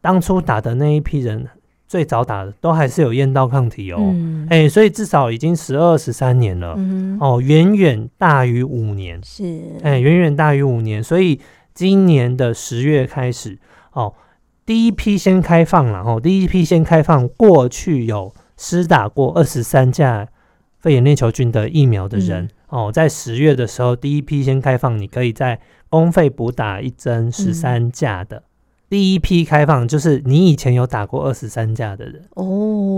當初打的那一批人，最早打的都還是有驗到抗體哦，哎、嗯欸，所以至少已經十二十三年了，嗯、哼哦，遠遠大於五年，是，哎、欸，遠遠大於五年，所以今年的十月開始，哦，第一批先開放了，哦，第一批先開放，過去有施打過二十三價肺炎鏈球菌的疫苗的人，嗯、哦，在十月的時候，第一批先開放，你可以在公費補打一針十三價的。嗯第一批開放就是你以前有打過二十三價的人哦，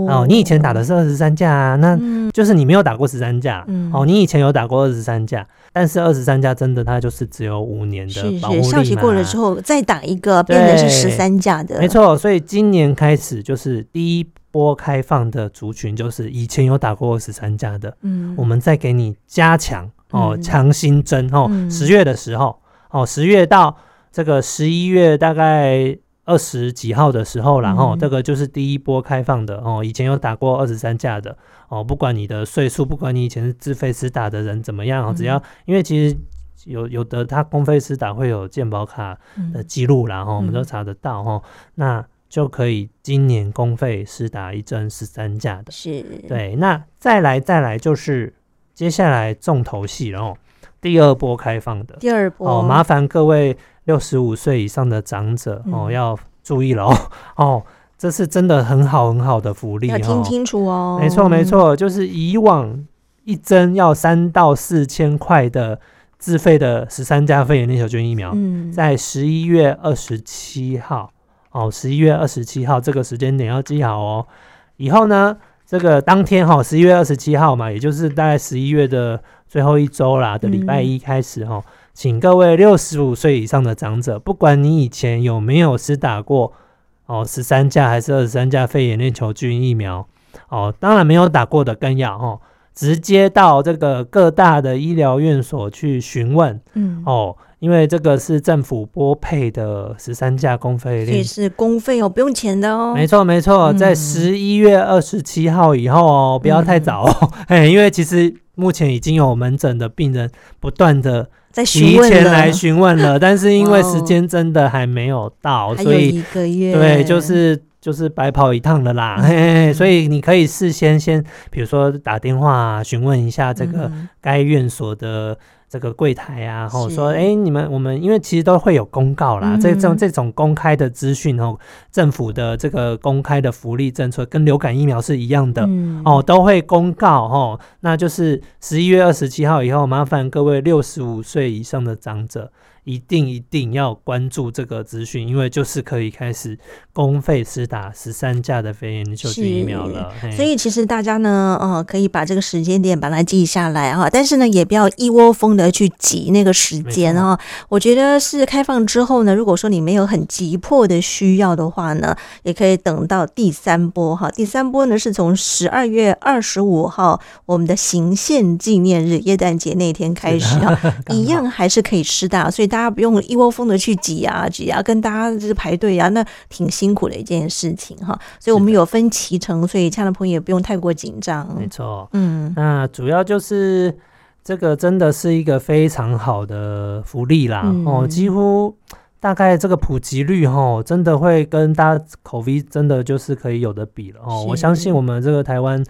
哦，你以前打的是二十三價啊，嗯、那就是你沒有打過十三價。嗯、哦，你以前有打過二十三價，但是二十三價真的它就是只有五年的保護力，是，是，效期過了之後再打一個，變的是十三價的，沒錯。所以今年開始就是第一波開放的族群，就是以前有打過二十三價的，嗯，我們再給你加強哦，強心針哦，嗯、十月的時候哦，十月到。這個十一月大概二十幾號的時候，然後、嗯、這個就是第一波開放的哦。以前有打過二十三價的哦，不管你的歲數，不管你以前是自費施打的人怎麼樣，嗯、只要因為其實有有的他公費施打會有健保卡的記錄，嗯、然後我們都查得到哈，嗯、那就可以今年公費施打一針十三價的。是，對。那再來再來就是接下來重頭戲，然後第二波開放的第二波，哦，麻煩各位。六十五歲以上的長者哦，要注意了哦、嗯、哦，這是真的很好很好的福利哦，聽清楚哦，沒錯沒錯，就是以往一針要三到四千塊的自費的十三價肺炎鏈球菌疫苗，嗯、在十一月二十七號哦，十一月二十七號這個時間點要記好哦，以後呢，這個當天哈、哦，十一月二十七號嘛，也就是大概十一月的最後一周啦的禮拜一開始哈、哦。嗯請各位六十五歲以上的長者，不管你以前有沒有是打過哦，十三價還是二十三價肺炎鏈球菌疫苗，哦，當然沒有打過的更要哦，直接到這個各大的醫療院所去詢問，嗯，哦。因為這個是政府撥配的十三價公費令，也是公費哦，不用錢的哦。沒錯，沒錯，在十一月二十七號以後哦，不要太早哦。嗯、嘿，因為其實目前已經有門診的病人不斷的在提前來詢問了，問了，但是因為時間真的還沒有到，哦、所以一個月對，就是就是白跑一趟了啦、嗯嘿嘿嘿。所以你可以事先先，比如說打電話詢問一下這個該院所的這個櫃檯啊，然後說，哎，你們我們因為其實都會有公告啦，是這種這，這種公開的資訊哦，政府的這個公開的福利政策跟流感疫苗是一樣的，嗯、哦，都會公告哦，那就是十一月二十七號以後，麻煩各位六十五歲以上的長者，一定一定要關注這個資訊，因為就是可以開始公費施打十三價的肺炎球菌疫苗了。是嘿所以其實大家呢，呃、哦，可以把這個時間點把它記下來啊。但是呢，也不要一窩蜂的去擠那個時間啊錯、哦。我覺得是開放之後呢，如果說你沒有很急迫的需要的話呢，也可以等到第三波哈。第三波呢是從十二月二十五號，我們的行憲紀念日，耶誕節那天開始啊，一樣還是可以施打。所以大大家不用一窩蜂的去擠啊擠啊，跟大家就是排隊啊，那挺辛苦的一件事情哈的、哦。所以我們有分期程，所以這樣的朋友也不用太過緊張。沒錯錯，嗯，那主要就是這個真的是一個非常好的福利啦、嗯、哦，幾乎大概這個普及率哈、哦，真的會跟大家口碑真的就是可以有的比了哦。是我相信我們這個台灣。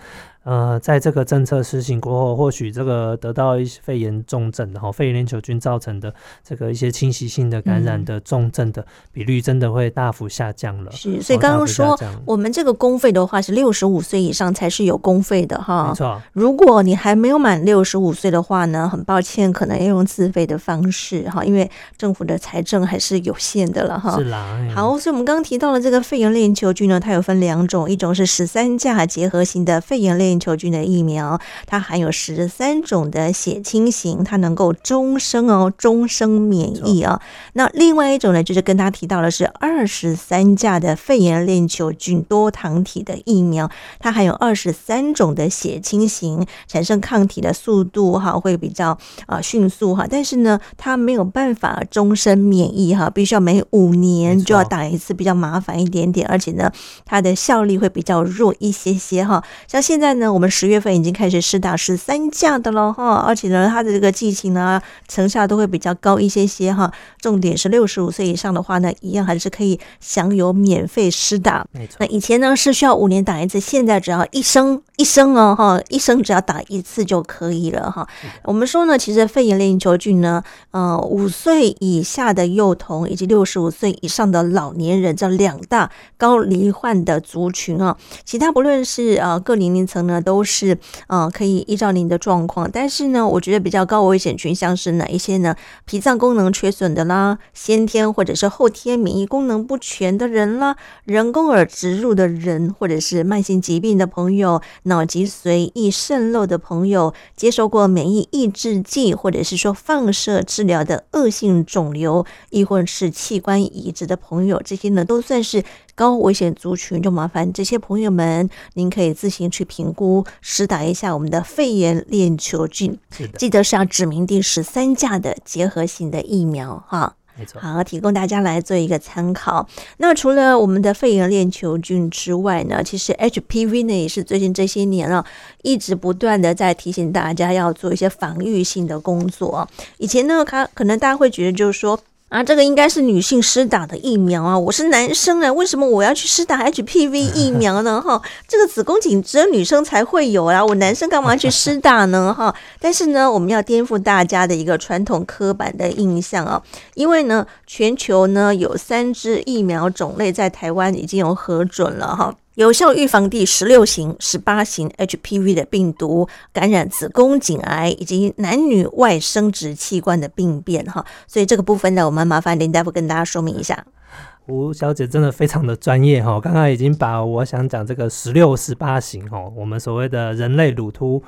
呃，在這個政策實行過後，或許這個得到一些肺炎重症，然、哦、後肺炎鏈球菌造成的這個一些侵襲性的感染的重症的比率，真的會大幅下降了。是、嗯，哦、所以剛剛說我們這個公費的話是六十五歲以上才是有公費的哈，沒錯、啊。如果你還沒有滿六十五歲的話呢，很抱歉，可能要用自費的方式哈，因為政府的財政還是有限的了哈。是啦。嗯、好，所以我們剛剛提到了這個肺炎鏈球菌呢，它有分兩種，一種是十三價結合型的肺炎鏈。球菌的疫苗，它含有十三種的血清型，它能夠終生哦，終生免疫啊。錯那另外一種呢，就是跟他提到的是二十三價的肺炎鏈球菌多糖體的疫苗，它含有二十三種的血清型，產生抗體的速度哈會比較啊迅速哈，但是呢，它沒有辦法終生免疫哈，必須要每五年就要打一次，比較麻煩一點點，錯而且呢，它的效力會比較弱一些些哈。像現在呢。我們十月份已經開始施打十三價的了哈，而且呢，它的這個劑型呢，成效都會比較高一些些哈。重點是六十五歲以上的話呢，一樣還是可以享有免費施打。沒錯，那以前呢是需要五年打一次，現在只要一生一生哦哈，一生只要打一次就可以了哈。嗯。我們說呢，其實肺炎鏈球菌呢，呃，五歲以下的幼童以及六十五歲以上的老年人，這兩大高罹患的族群啊。其他不論是呃各年齡層。那都是嗯，可以依照您的狀況。但是呢，我覺得比較高危險群像是哪一些呢？脾臟功能缺損的啦，先天或者是後天免疫功能不全的人啦，人工耳植入的人，或者是慢性疾病的朋友，腦脊髓液滲漏的朋友，接受過免疫抑制劑或者是說放射治療的惡性腫瘤，亦或是器官移植的朋友，這些呢都算是。高危險族群就麻煩這些朋友們，您可以自行去評估，施打一下我們的肺炎鏈球菌，的記得是要指明第十三價的結合型的疫苗的哈。沒錯，好，提供大家來做一個參考。錯那除了我們的肺炎鏈球菌之外呢，其實 HPV 呢也是最近這些年啊、哦，一直不斷的在提醒大家要做一些防禦性的工作。以前呢，他可能大家會覺得就是說。啊，這個應該是女性施打的疫苗啊！我是男生啊，為什麼我要去施打 HPV 疫苗呢？哈， 這個子宮頸只有女生才會有啊。我男生幹嘛去施打呢？哈，但是呢，我們要顛覆大家的一個傳統刻板的印象啊，因為呢，全球呢有三支疫苗種類在台灣已經有核准了哈。有效預防第十六型、十八型 HPV 的病毒感染，子宮頸癌以及男女外生殖器官的病變哈，所以這個部分呢，我們麻煩林大夫，跟大家說明一下。吳小姐真的非常的專業哈，剛剛已經把我想講這個十六、十八型哈，我們所謂的人類乳突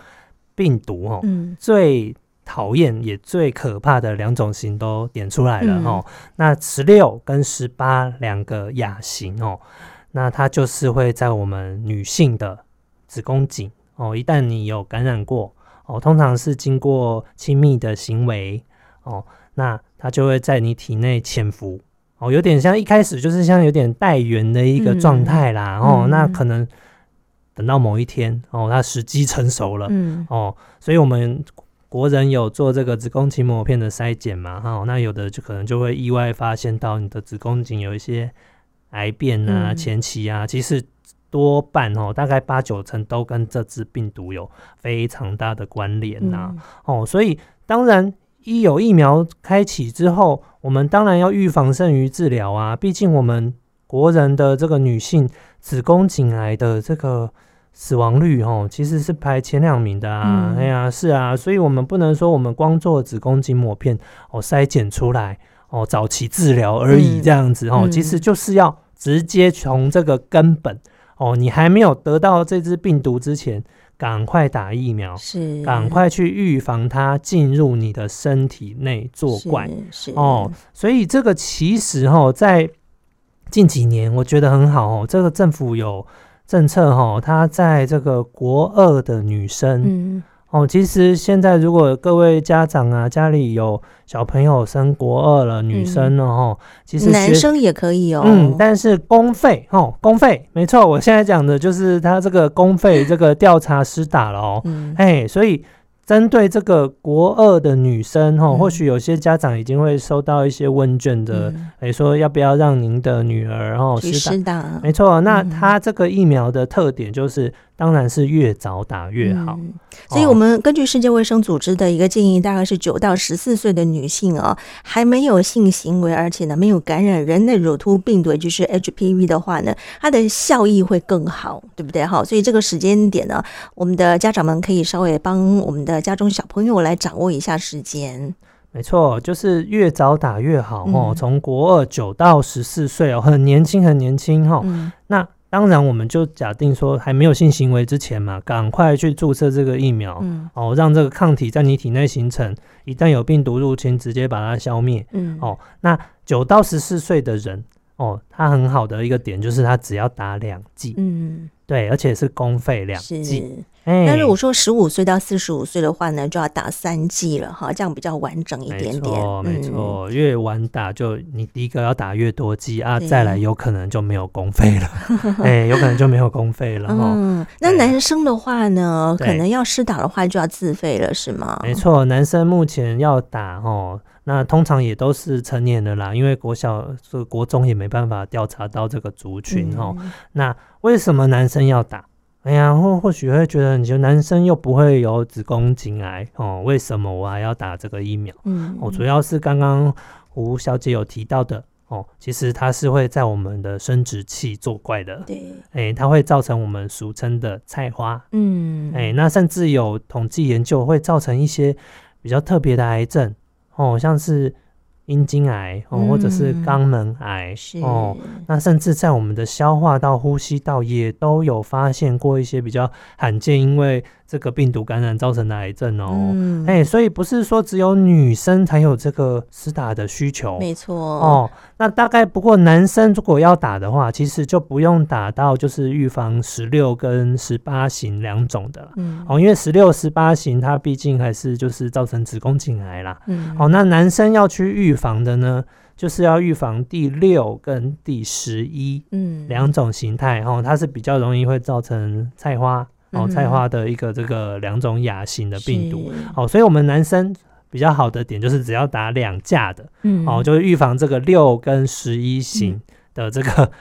病毒哈，嗯，最討厭也最可怕的兩種型都點出來了哈。嗯，那十六跟十八兩個亞型哦。那它就是會在我們女性的子宮頸哦，一旦你有感染過哦，通常是經過親密的行為哦，那它就會在你體內潛伏哦，有點像一開始就是像有點帶原的一個狀態啦、嗯、哦，那可能等到某一天哦，它時機成熟了、嗯、哦，所以我們國人有做這個子宮頸抹片的篩檢嘛哈、哦，那有的就可能就會意外發現到你的子宮頸有一些。癌變啊，前期啊，嗯、其實多半哦，大概八九成都跟這支病毒有非常大的關聯吶、啊，嗯、哦，所以當然，一有疫苗開啟之後，我們當然要預防勝於治療啊，畢竟我們國人的這個女性子宮頸癌的這個死亡率哦，其實是排前兩名的啊，嗯、哎呀，是啊，所以我們不能說我們光做子宮頸抹片哦篩檢出來。哦，早期治療而已，這樣子哦，嗯嗯、其實就是要直接從這個根本、嗯、哦，你還沒有得到這隻病毒之前，趕快打疫苗，是趕快去預防它進入你的身體內作怪，哦，所以這個其實、哦、在近幾年我覺得很好哦，這個政府有政策哦，他在這個國二的女生。嗯哦，其實現在如果各位家長啊，家裡有小朋友升國二了，嗯、女生了哦，其實男生也可以哦。嗯，但是公費哦，公費沒錯。我現在講的就是他這個公費這個調查施打了哦，哎、嗯欸，所以。針對這個國二的女生哈、哦，嗯、或許有些家長已經會收到一些問卷的，哎、嗯，說要不要讓您的女兒哈、哦，去施打，打沒錯，嗯、那它這個疫苗的特點就是，當然是越早打越好。嗯、所以，我們根據世界衛生組織的一個建議，大概是九到十四歲的女性啊、哦，還沒有性行為，而且呢，沒有感染人類乳突病毒，就是 HPV 的話呢，它的效益會更好，對不對？哈、哦，所以這個時間點呢，我們的家長們可以稍微幫我們的。家中小朋友來掌握一下時間，沒錯，就是越早打越好哦，從、嗯、國二九到十四歲哦，很年輕，很年輕哈。嗯、那當然，我們就假定說還沒有性行為之前嘛，趕快去注射這個疫苗、嗯、哦，讓這個抗體在你體內形成，一旦有病毒入侵，直接把它消滅。嗯哦，那九到十四歲的人哦，他很好的一個點就是他只要打兩劑，嗯，對，而且是公費兩劑。欸、那如果說十五歲到四十五歲的話呢，就要打三劑了哈，這樣比較完整一點點。沒錯，沒錯，嗯、越晚打就你第一個要打越多劑啊，對再來有可能就沒有公費了，哎、 欸，有可能就沒有公費了。嗯，齁那男生的話呢，對可能要施打的話就要自費了，是嗎？沒錯，男生目前要打哈、哦，那通常也都是成年的啦，因為國小、國中也沒辦法調查到這個族群哈、嗯哦。那為什麼男生要打？哎呀，或或許會覺得，你就男生又不會有子宮頸癌哦，為什麼我還要打這個疫苗？嗯，我、哦、主要是剛剛胡小姐有提到的哦，其實它是會在我們的生殖器作怪的。對，哎，它會造成我們俗稱的“菜花”。嗯，哎，那甚至有統計研究會造成一些比較特別的癌症哦，像是。陰莖癌、哦、或者是肛門癌、嗯、是哦，那甚至在我們的消化道、呼吸道也都有發現過一些比較罕見，因為這個病毒感染造成的癌症哦。哎、嗯欸，所以不是說只有女生才有這個施打的需求，沒錯錯哦。那大概不過男生如果要打的話，其實就不用打到就是預防十六跟十八型兩種的了、嗯、哦，因為十六、十八型它畢竟還是就是造成子宮頸癌啦。嗯，哦，那男生要去預防。預防的呢，就是要預防第六跟第十一，嗯，兩種形態哦，它是比較容易會造成菜花，嗯、哦，菜花的一個這個兩種亞型的病毒是哦，所以我們男生比較好的點就是只要打兩價的，嗯，哦，就是預防這個六跟十一型的這個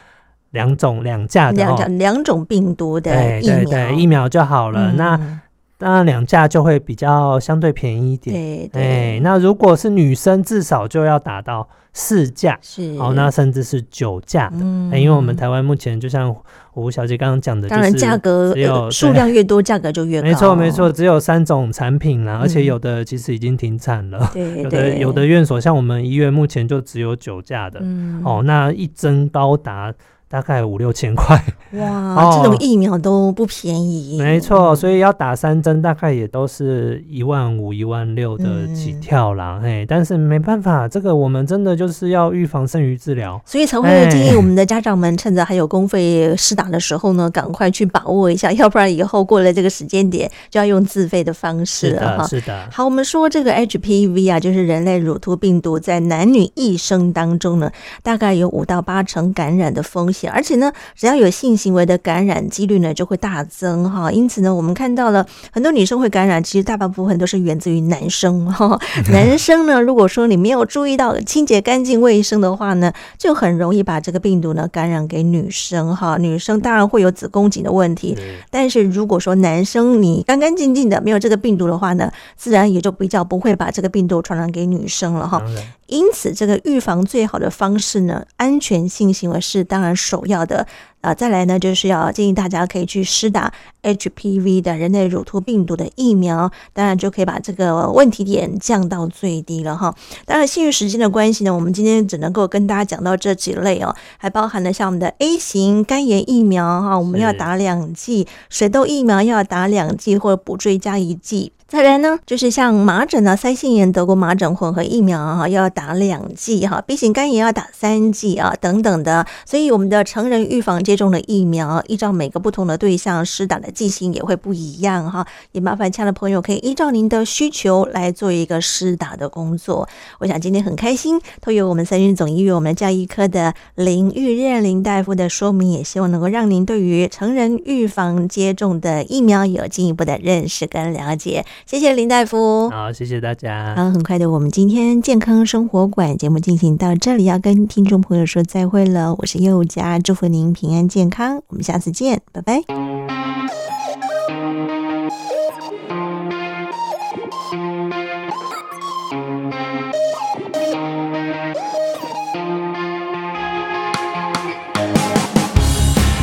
兩種、嗯、兩價、哦、兩種兩種病毒的、哎，對對對，疫苗就好了，嗯、那。當然，兩價就會比較相對便宜一點。對對、欸，那如果是女生，至少就要打到四價，是哦，那甚至是九價的。嗯、欸，因為我們台灣目前就像吳小姐剛剛講的就是，當然價格有數、呃、量越多，價格就越高沒錯。沒錯沒錯，只有三種產品啦、啊，嗯、而且有的其實已經停產了。對對有的，有的院所像我們醫院目前就只有九價的。嗯哦，那一針高達。大概五六千塊，哇，哦、這種疫苗都不便宜。沒錯，嗯、所以要打三針，大概也都是一萬五、一萬六的起跳啦。嗯、哎，但是沒辦法，這個我們真的就是要預防勝於治療，所以才會建議我們的家長們趁着還有公費施打的時候呢，哎、趕快去把握一下，要不然以後過了這個時間點，就要用自費的方式了。是的，是的。好，我們說這個 HPV 啊，就是人類乳突病毒，在男女一生當中呢，大概有五到八成感染的風險。而且呢，只要有性行為的感染幾率呢就會大增哈，因此呢，我們看到了很多女生會感染，其實大半部分都是源自於男生哈。 男生呢，如果說你沒有注意到清潔乾淨衛生的話呢，就很容易把這個病毒呢感染給女生哈。女生當然會有子宮頸的問題，但是如果說男生你乾乾淨淨的，沒有這個病毒的話呢，自然也就比較不會把這個病毒傳染給女生了哈。Okay. 因此，這個預防最好的方式呢，安全性行為是當然首要的。啊，再來呢，就是要建議大家可以去施打 HPV 的人類乳突病毒的疫苗，當然就可以把這個問題點降到最低了哈。當然，限於時間的關係呢，我們今天只能夠跟大家講到這幾類哦，還包含了像我們的 A 型肝炎疫苗哈，我們要打兩劑；是水痘疫苗要打兩劑或者補追加一劑。再來呢，就是像麻疹啊、腮腺炎、德國麻疹混合疫苗哈、啊，要打兩劑哈、啊、；B 型肝炎要打三劑啊等等的。所以我們的成人預防。接種的疫苗，依照每個不同的對象施打的劑型也會不一樣哈。也麻煩親愛的朋友可以依照您的需求來做一個施打的工作。我想今天很開心，都有我們三軍總醫院我們教育科的林育任林大夫的說明，也希望能夠讓您對於成人預防接種的疫苗有進一步的認識跟了解。謝謝林大夫，好，謝謝大家。好，很快的，我們今天健康生活館節目進行到這裡，要跟聽眾朋友說再會了。我是佑佳，祝福您平安。健康，我們下次見，拜拜。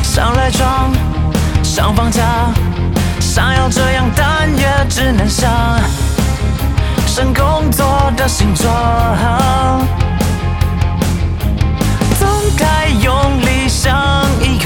想賴床，想放假，想要這樣，但也只能想。剩工作的形狀，總該用力想。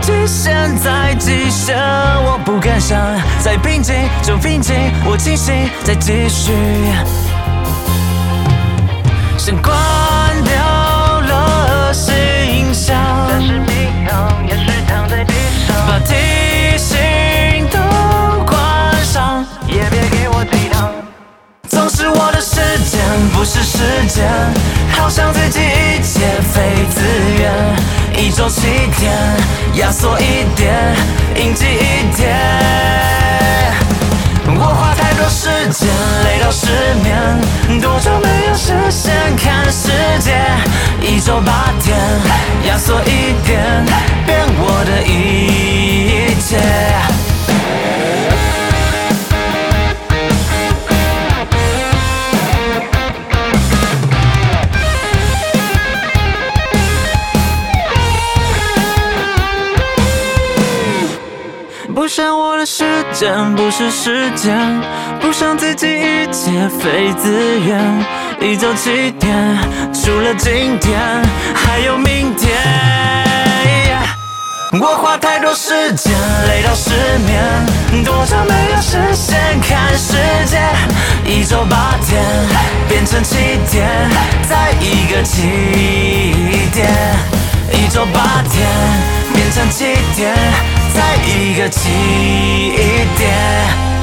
極限再極限，我不敢想；再平靜就平靜，我清醒再繼續。先關掉了信箱，把提醒都關上，也別給我抵擋。總是我的時間，不是時間，好像自己一切非自願。一周七天，壓縮一點，應急一點。我花太多時間，累到失眠，多久沒有實現？看世界？一周八天，壓縮一點，變我的一切。時間不是時間，不想自己一切非自願。一周七天，除了今天，還有明天。Yeah，我花太多時間，累到失眠，多久沒有實現？看世界。一周八天，變成七天，在一個起點。一周八天，變成七天，在一個起點。